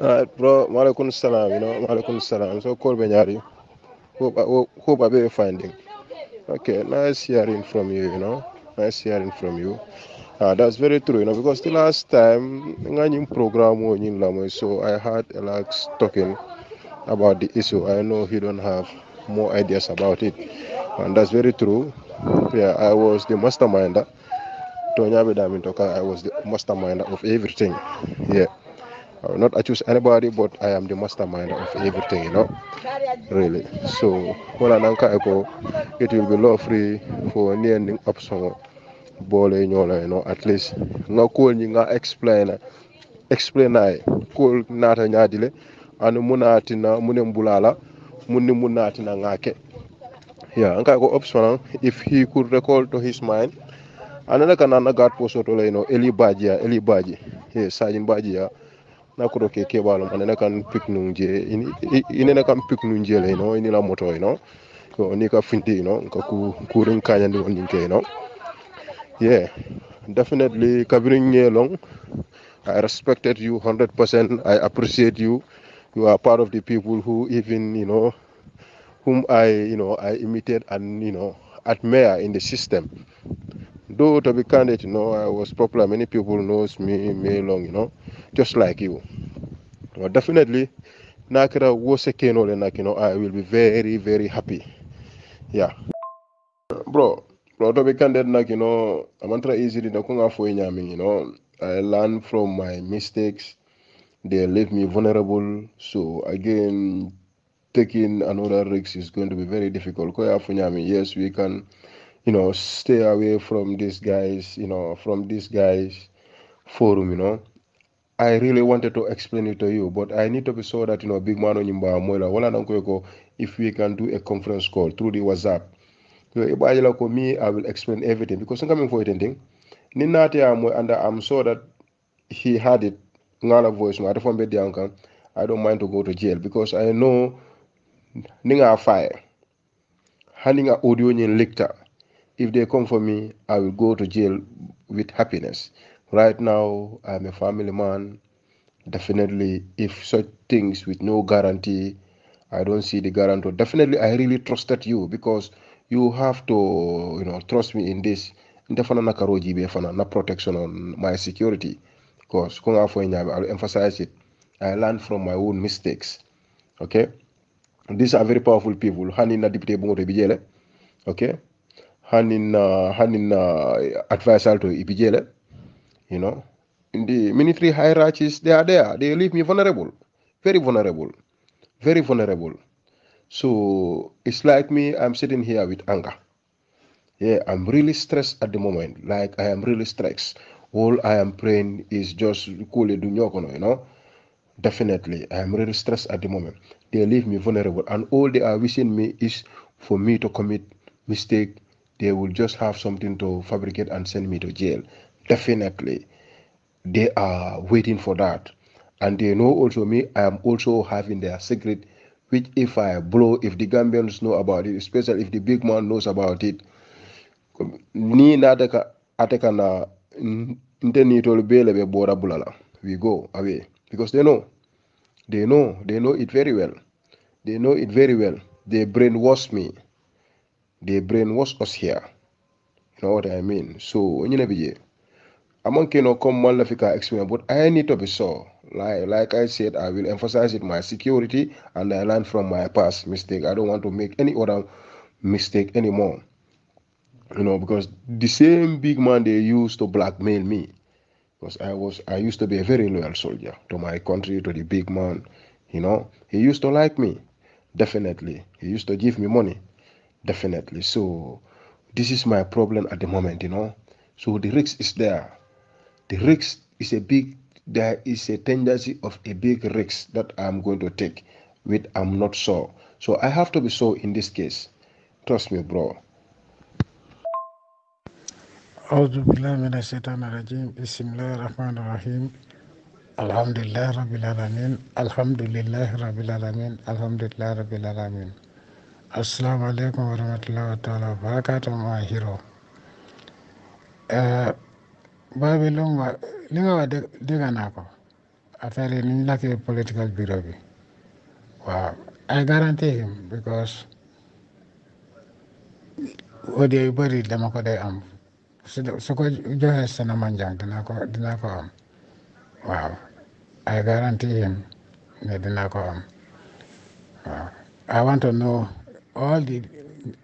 All uh, right, bro. Malakun salam, you know. Malakun salam. So, call Benyari. Hope, hope, hope I'll be finding. Okay, nice hearing from you, you know. Nice hearing from you. Uh, that's very true, you know, because the last time in program so I had Alex talking about the issue. I know he don't have more ideas about it, and that's very true. Yeah, I was the masterminder. Tonya Bedamintoka, I was the masterminder of everything. Yeah. Uh, I will not accuse anybody, but I am the mastermind of everything, you know, really. So, when I to it will be law free for any ending up some ball, you know, at least. No cool, you know, explain, explain, I cool, not a yadile, and munatina, munembulala, munimunatina ngake. Yeah, and I go optional if he could recall to his mind. Another can another guard post, you know, Eli Bajia, Eli Baji, yes, Sergeant Bajia na ko ke ke balo manena kan pik nun je inena kan pik nu je le no ini la moto no ko ni ka finti no ko ku kurin kanya ni won ke no yeah definitely kabirin ye long i respected you 100% i appreciate you you are part of the people who even you know whom i you know i imitated and you know admire in the system though to be candid, you know, I was popular. Many people knows me, me long, you know, just like you. But definitely, Nakira was a Keno, and like, you know, I will be very, very happy. Yeah. Bro, bro, to be candid, like, you know, I'm not easily, you know, I learn from my mistakes. They leave me vulnerable. So again, taking another risk is going to be very difficult. Yes, we can you know stay away from these guys you know from these guys forum you know I really wanted to explain it to you, but I need to be sure that you know Big Man Onyimba Moila. Wala nankweko if we can do a conference call through the WhatsApp. So if I look me, I will explain everything because I'm coming for it ending. Ninati Amwe, and I'm sure that he had it. Ngala voice no ate fombe dianka. I don't mind to go to jail because I know ninga fire. Handing audio in lictor. If they come for me, I will go to jail with happiness. Right now, I'm a family man. Definitely, if such things with no guarantee, I don't see the guarantor. Definitely, I really trusted you because you have to, you know, trust me in this. Defana na na protection on my security. Because I'll emphasize it. I learned from my own mistakes. Okay, these are very powerful people. Hani na Okay handing uh, handing uh, to Ibijele. You know, in the military hierarchies, they are there. They leave me vulnerable, very vulnerable, very vulnerable. So it's like me. I'm sitting here with anger. Yeah, I'm really stressed at the moment. Like I am really stressed. All I am praying is just cool it, you know. Definitely, I am really stressed at the moment. They leave me vulnerable, and all they are wishing me is for me to commit mistake they will just have something to fabricate and send me to jail. Definitely, they are waiting for that. And they know also me, I am also having their secret, which if I blow, if the Gambians know about it, especially if the big man knows about it, ni na be bora bulala. We go away because they know. They know. They know it very well. They know it very well. They brainwash me they brainwash us here. You know what I mean? So when you among Kano come one Lafika experience, but I need to be so. Like, like I said, I will emphasize it my security and I learn from my past mistake. I don't want to make any other mistake anymore. You know, because the same big man they used to blackmail me. Because I was I used to be a very loyal soldier to my country, to the big man. You know, he used to like me, definitely. He used to give me money definitely. So this is my problem at the moment, you know. So the risk is there. The risk is a big there is a tendency of a big risk that I'm going to take with I'm not sure. So I have to be sure in this case. Trust me, bro. أعوذ بالله من الشيطان الرجيم بسم الله الرحمن الرحيم الحمد لله رب العالمين الحمد لله رب العالمين الحمد لله رب العالمين assalamu aleykum wa wa taala wa barakatu ma hiro eh, baabi lu ma li nga naa ko affaire yi niñ lakkee political bureau waaw I guarantee him because audio yu bëri dama ko day am su ko joxee sana manjang dinaa ko dinaa ko am waaw I guarantee him ne dinaa ko am waaw I want to all di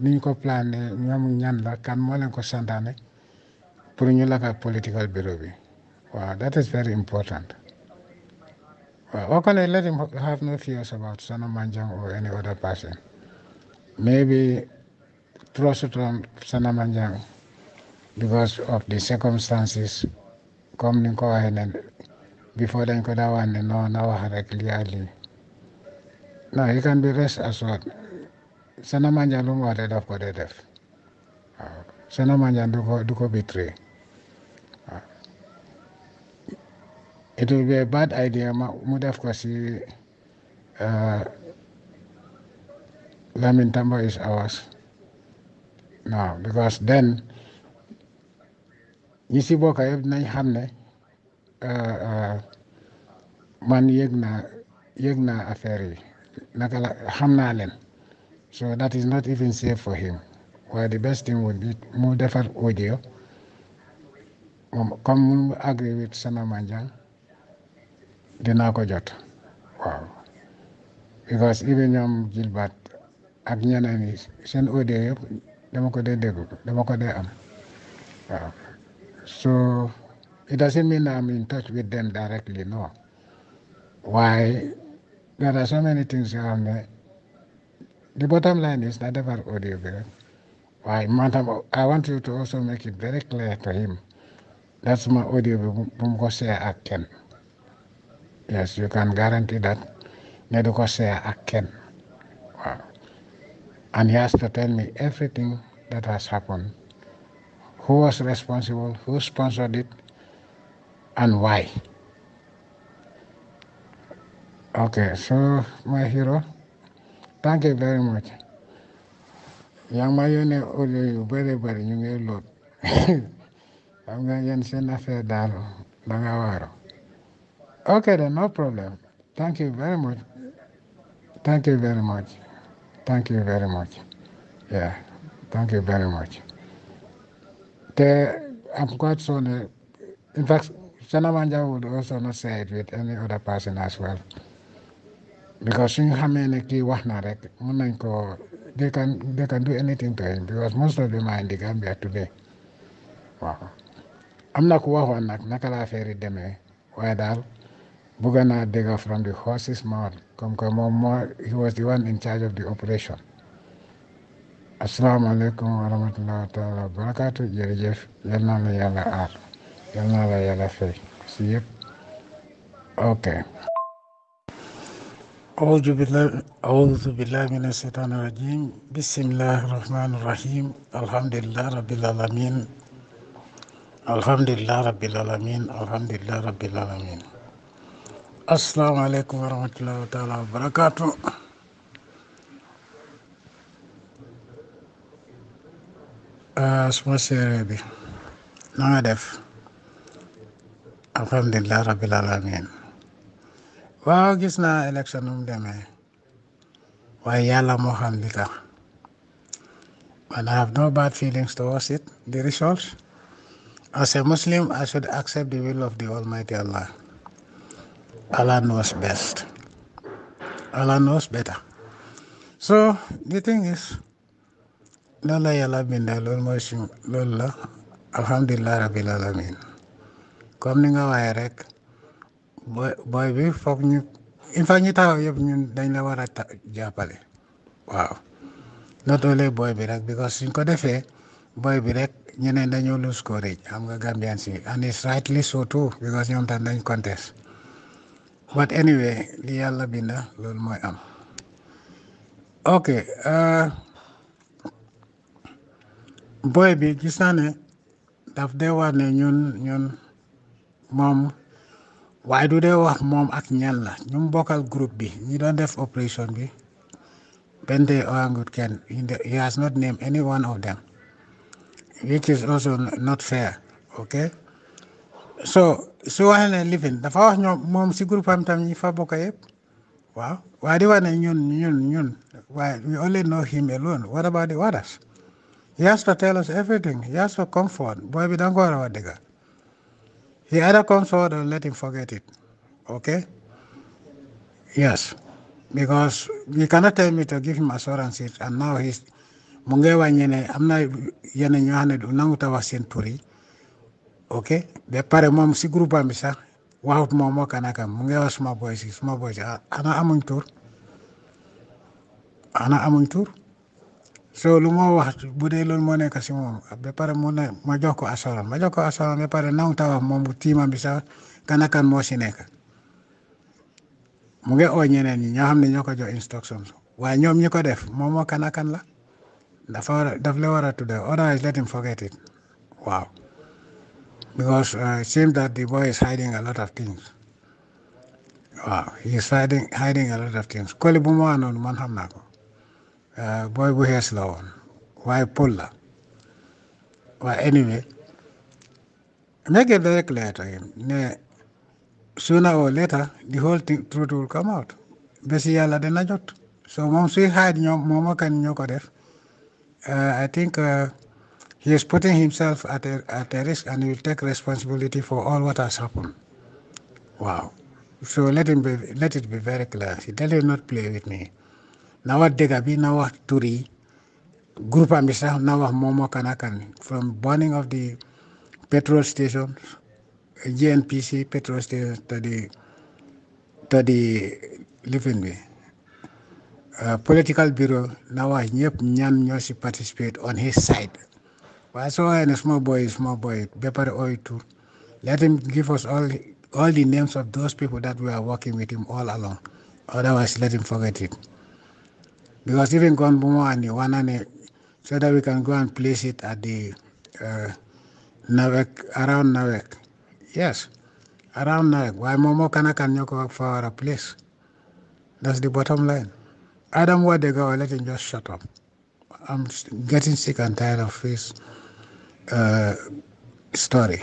ni ko plané ñoom ñan la kan moo leen ko santaane pour ñu lakk political bureau bi waaw that is very important waaw oo let him have no fears about Sana Manjang or any other person maybe trust from Sana Manjang because of the circumstances comme ni ko waxee ne before dañ ko daa wax ne non na wax rek lii ak you can be rest assured Sena Mandiang lu mu ko dee def waaw Sena ko du ko betray waaw it will be bad idea mu def ko si uh, Lamin Tambo is ours now because then ñi si bokk yëpp nañ xam ne uh, uh, man yëg na yëg naa affaire yi naka la xam naa leen. So that is not even safe for him. Why the best thing would be with you? Um, come agree with Sanamanja, the Jot. Wow. Because even young Gilbert Agniyan is yi seen audio yëpp dama am so it doesn't mean I'm in touch with them directly no why there are so many things yoo the bottom line is that Nadafar Odiobe, why, madam, I want you to also make it very clear to him. That's my audio Yes, you can guarantee that Nedukosea Aken. Wow. And he has to tell me everything that has happened. Who was responsible, who sponsored it, and why. Okay, so my hero. Thank you very much. yaa ma yónnee audio yu bëri bëri ñu ngi lot. xam nga yéen seen affaire daal da nga waaro ok then no problem thank you very much thank you very much thank you very much yeah thank you very much te am quite sorry in fact Chanaman would also not say it with any other person as well because suñ xamee ne kii wax na rek mun nañ ko they can they can do anything to him because most of them are in Gambia today am na ku waxoon nag naka la affaire yi demee waaye daal bëgg naa dégg from the horse's mouth comme que moom he was the one in charge of the operation asalaamaaleykum wa rahmatulah taala wa barakaatu jërëjëf yal naa la yàlla aar yal naa la yàlla fay si yëpp ok. أعوذ بالله أعوذ بالله من الشيطان الرجيم بسم الله الرحمن الرحيم الحمد لله رب العالمين الحمد لله رب العالمين الحمد لله رب العالمين السلام عليكم ورحمة الله تعالى وبركاته اسمع séeréer bi na الحمد لله رب العالمين waaw gis naa élection nu mu demee waaye yàlla moo xam li tax man I have no bad feelings towards it the results as a Muslim I should accept the will of the Almighty Allah Allah knows best Allah knows better so the thing is loolu la yàlla bindee loolu mooy si loolu la alhamdulilah rabil alamin comme ni nga waaye rek. booy booy bi foog ñu il faut ñu taxaw yëpp ñun dañ la war a jàppale waaw not only booy bi rek because suñ ko defee booy bi rek ñeneen dañoo lose courage xam nga Gambian si and it's rightly so too because ñoom tam dañ contest but anyway li yàlla binda loolu mooy am ok euh, booy bi gis naa ne daf dee war ñun ñun moom waaye du dee wax moom ak ñan la ñu mu bokkal groupe bi ñi doon def opération bi benn day oangut kenn he has not named any one of them which is also not fair ok so su waxee ne living? dafa wax ñoom moom si groupe am tam ñi fa bokk yëpp waaw waaye di wax ñun ñun ñun waaye we only know him alone what about the others he has to tell us everything he has to comfort Boy, bi da nga ko war a wax He either comes forward and uh, let him forget it. Okay? Yes. Because you cannot tell to give him assurances and now he's mu ngay wàññi ne am na yenn ñoo ne du nangu ta wax seen tur yi ok ba pare moom si groupe am bi sax waxut moom moo kan mu ngay wax suma boy si suma boy ana amuñ tur ana amuñ tur so lu ma wax bu dee loolu moo nekk si moom ba pare mu ne ma jox ko asal, ma ko asal ba pare nangu ta wax moom tiimam bi sax kan kan moo si nekk mu ngi oo ñeneen ñi ñoo xam ne ñoo ko def moom moo kan kan la dafa war daf la war a tudde let him forget it wow because uh, it seems that the boy is hiding a lot of things wow he is hiding hiding a lot of things koli bu ma manham noonu man Uh, boy, bu xees la woon waaye pël la Make anyway very clear to him. Ne, sooner or later, the whole truth will come out. Besi yalla dina jot. So mom suy hide your moma kan ñoko def. Uh, I think uh, he is putting himself at a, at a risk and he will take responsibility for all what has happened. Wow. So let him be, let it be very clear. He did not play with me nawa Degabi, nawa Turi, group ambisa nawa Momo Kanakani, from burning of the petrol station, GNPC petrol station, to the to the living uh, political bureau nawa nyep ñan ñoo participate on his side waaye soo waxee a small boy small boy ba pare let him give us all all the names of those people that we are working with him all along otherwise let him forget it because even Gonbumo and Iwanane so that we can go and place it at the uh, Navek, around Navek. Yes, around Navek. Why Momo Kana can go for our place? That's the bottom line. Adam where they go, let him just shut up. I'm getting sick and tired of his uh, story.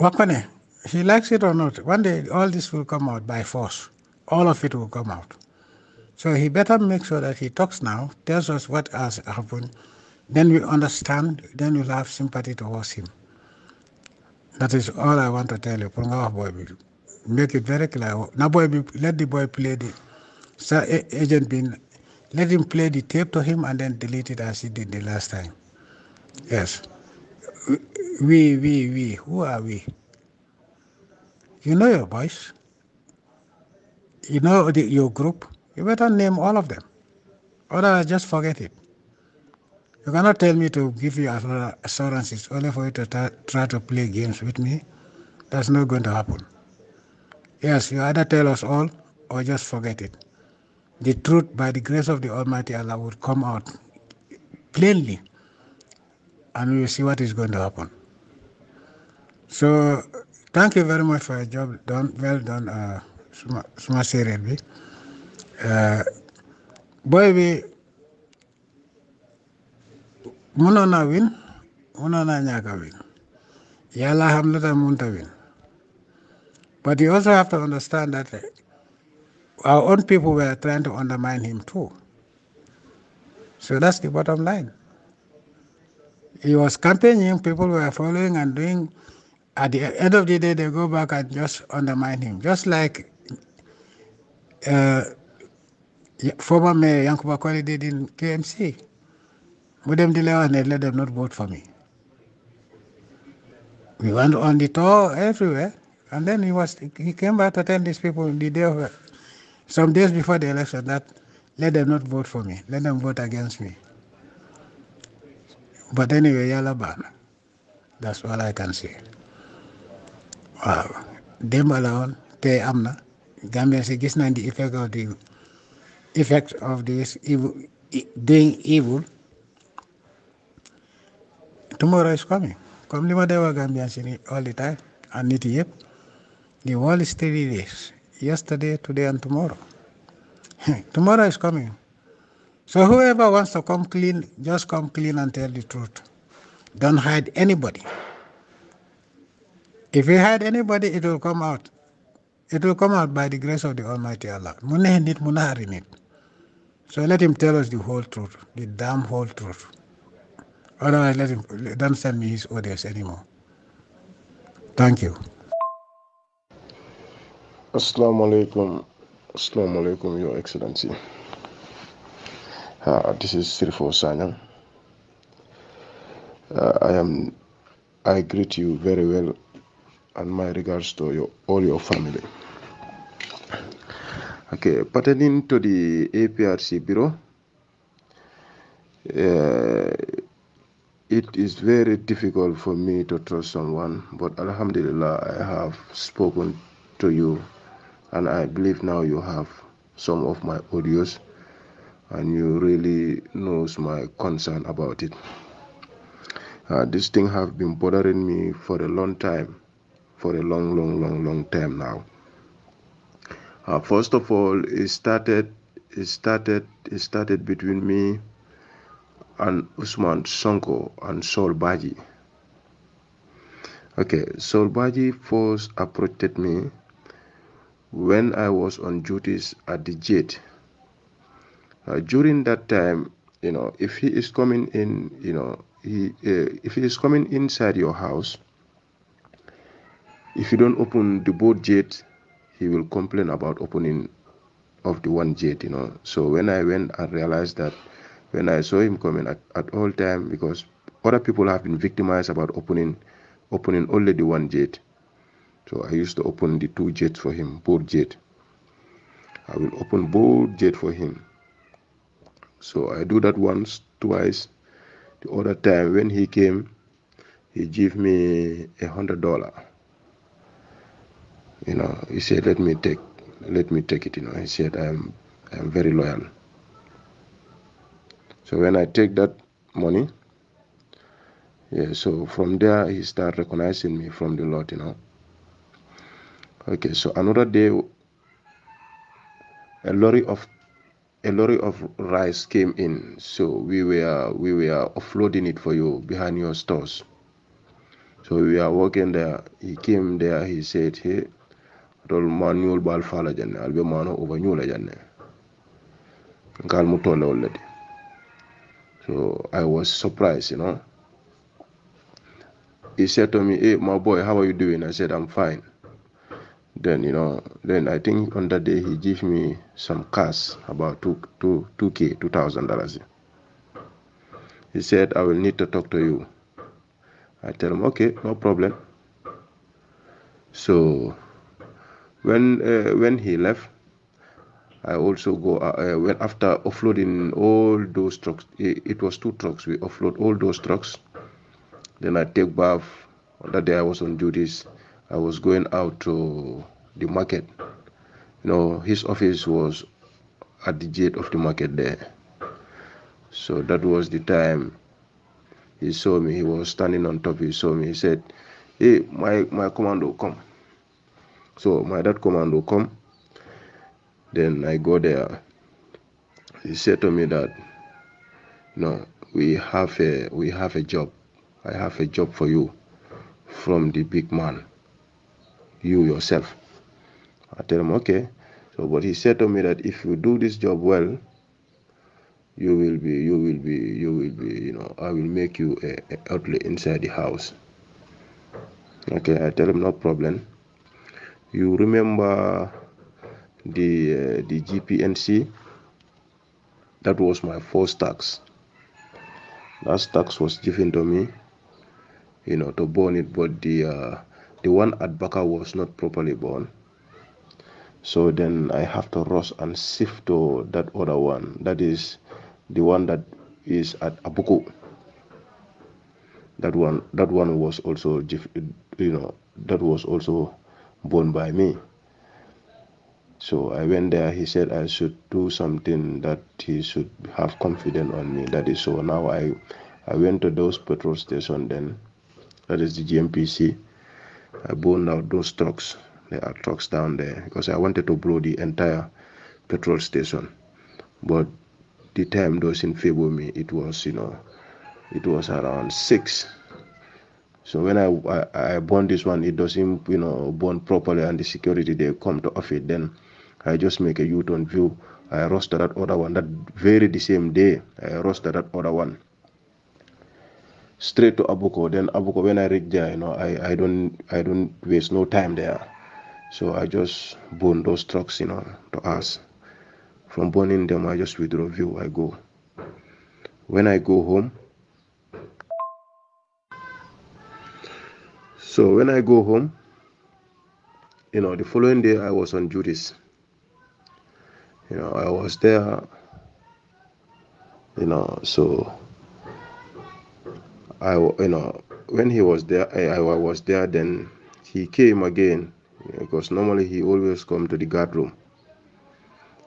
Wakane, he likes it or not, one day all this will come out by force. All of it will come out. So he better make sure that he talks now, tells us what has happened, then we understand, then we'll have sympathy towards him. That is all I want to tell you. Make it very clear. Now, boy, let the boy play the agent being, let him play the tape to him and then delete it as he did the last time. Yes. We, we, we. Who are we? You know your voice. You know the, your group. You better name all of them. Otherwise, just forget it. You cannot tell me to give you assurances only for you to try to play games with me. That's not going to happen. Yes, you either tell us all or just forget it. The truth, by the grace of the Almighty Allah, will come out plainly and we will see what is going to happen. So, thank you very much for your job done. Well done, uh, Suma, Suma boy bi mënoon naa win mënoon naa ñàkk a win yàlla xam lu tax win but you also have to understand that uh, our own people were trying to undermine him too so that's the bottom line he was campaigning people were following and doing at the end of the day they go back and just undermine him just like uh, Former mayor Yankuba Colley did in KMC mu dem di and wax let them not vote for me we went on the tour everywhere and then he was he came back to tell these people the day of some days before the election that let them not vote for me let them vote against me but anyway yàlla baax that's all I can say Wow, them alone, they tey am say Gambien si gis nañ di effet of the effect of this evil, doing evil tomorrow is coming Come, lima ma dee waa Gambia ni all the time and nit yëpp the world is three days yesterday today and tomorrow tomorrow is coming so whoever wants to come clean just come clean and tell the truth don't hide anybody if you hide anybody it will come out it will come out by the grace of the almighty allah nit so let him tell us the whole truth, the damn whole truth. Otherwise, let him, don't send me his orders anymore. Thank you. Assalamu alaikum. Assalamu alaikum, Your Excellency. Uh, this is Sirfo Sanyang. Uh, I am. I greet you very well, and my regards to your, all your family. Okay, pertaining to the APRC Bureau, uh, it is very difficult for me to trust someone, but Alhamdulillah, I have spoken to you, and I believe now you have some of my audios, and you really knows my concern about it. Uh, this thing have been bothering me for a long time, for a long, long, long, long time now. Uh, first of all, it started, it started, it started between me and Usman Sonko and Sol Baji. Okay, Sol Baji first approached me when I was on duties at the jet. Uh, during that time, you know, if he is coming in, you know, he uh, if he is coming inside your house, if you don't open the board jet, he will complain about opening of the one gate, you know. So when I went and realized that, when I saw him coming at, at all time, because other people have been victimized about opening, opening only the one gate. So I used to open the two jets for him, both jet. I will open both jet for him. So I do that once, twice. The other time when he came, he gave me a hundred dollar. You know, he said, "Let me take, let me take it." You know, he said, "I'm, I'm very loyal." So when I take that money, yeah. So from there, he started recognizing me from the Lord. You know. Okay. So another day, a lorry of a lorry of rice came in so we were we were offloading it for you behind your stores so we are walking there he came there he said hey tol manuol bal fala janne albe mano oba nyula janne ngal mu tolle already so i was surprised you know he said to me hey eh, my boy how are you doing i said i'm fine then you know then i think on that day he gave me some cash about two two two k two thousand dollars he said i will need to talk to you i tell him okay no problem so when uh, when he left I also go uh, uh when after offloading all those trucks. It, it, was two trucks. We offload all those trucks. Then I take bath. That day I was on duties. I was going out to the market. You know, his office was at the gate of the market there. So that was the time he saw me. He was standing on top. He saw me. He said, "Hey, my my commando, come." so my dad command will come then i go there he said to me that no we have a we have a job i have a job for you from the big man you yourself i tell him okay so but he said to me that if you do this job well you will be you will be you will be you know i will make you a, a outlet inside the house okay i tell him no problem you remember the uh, the gpnc that was my first tax that tax was given to me you know to burn it but the uh, the one at baka was not properly born so then i have to rush and sift to that other one that is the one that is at abuku that one that one was also you know that was also born by me. So I went there. He said I should do something that he should have confidence on me. That is so. Now I, I went to those petrol station. Then, that is the GMPC. I burned out those trucks. There are trucks down there because I wanted to blow the entire petrol station, but the time doesn't favor me. It was you know, it was around six so when I, I, I burn this one, it doesn't, you know, burn properly and the security, they come to off it. Then I just make a U-turn view. I roster that other one. That very the same day, I roster that other one. Straight to Abuko. Then Abuko, when I reach there, you know, I, I don't I don't waste no time there. So I just burn those trucks, you know, to us. From burning them, I just withdraw view. I go. When I go home, so when i go home you know the following day i was on duties you know i was there you know so i you know when he was there i, I was there then he came again because normally he always come to the guard room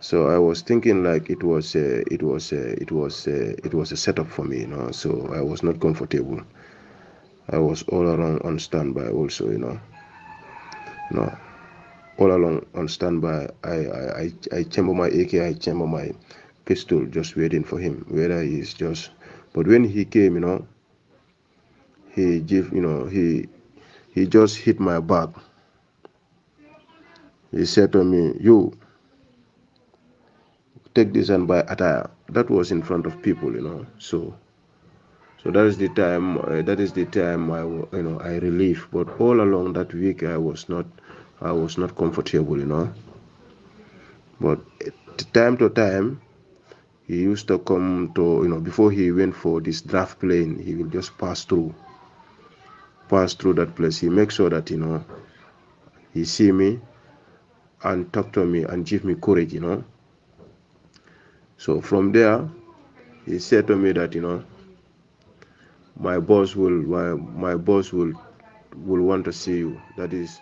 so i was thinking like it was it was it was it was a setup for me you know so i was not comfortable I was all around on standby also, you know. You know, all along on standby. I I I, I chamber my AK, I chamber my pistol, just waiting for him. Whether he's just, but when he came, you know, he give, you know, he he just hit my back. He said to me, "You take this and buy attire." That was in front of people, you know. So so that is the time. Uh, that is the time I, you know, I relieve. But all along that week, I was not, I was not comfortable, you know. But time to time, he used to come to, you know, before he went for this draft plane, he will just pass through, pass through that place. He makes sure that you know, he see me, and talk to me and give me courage, you know. So from there, he said to me that you know my boss will my, my boss will will want to see you that is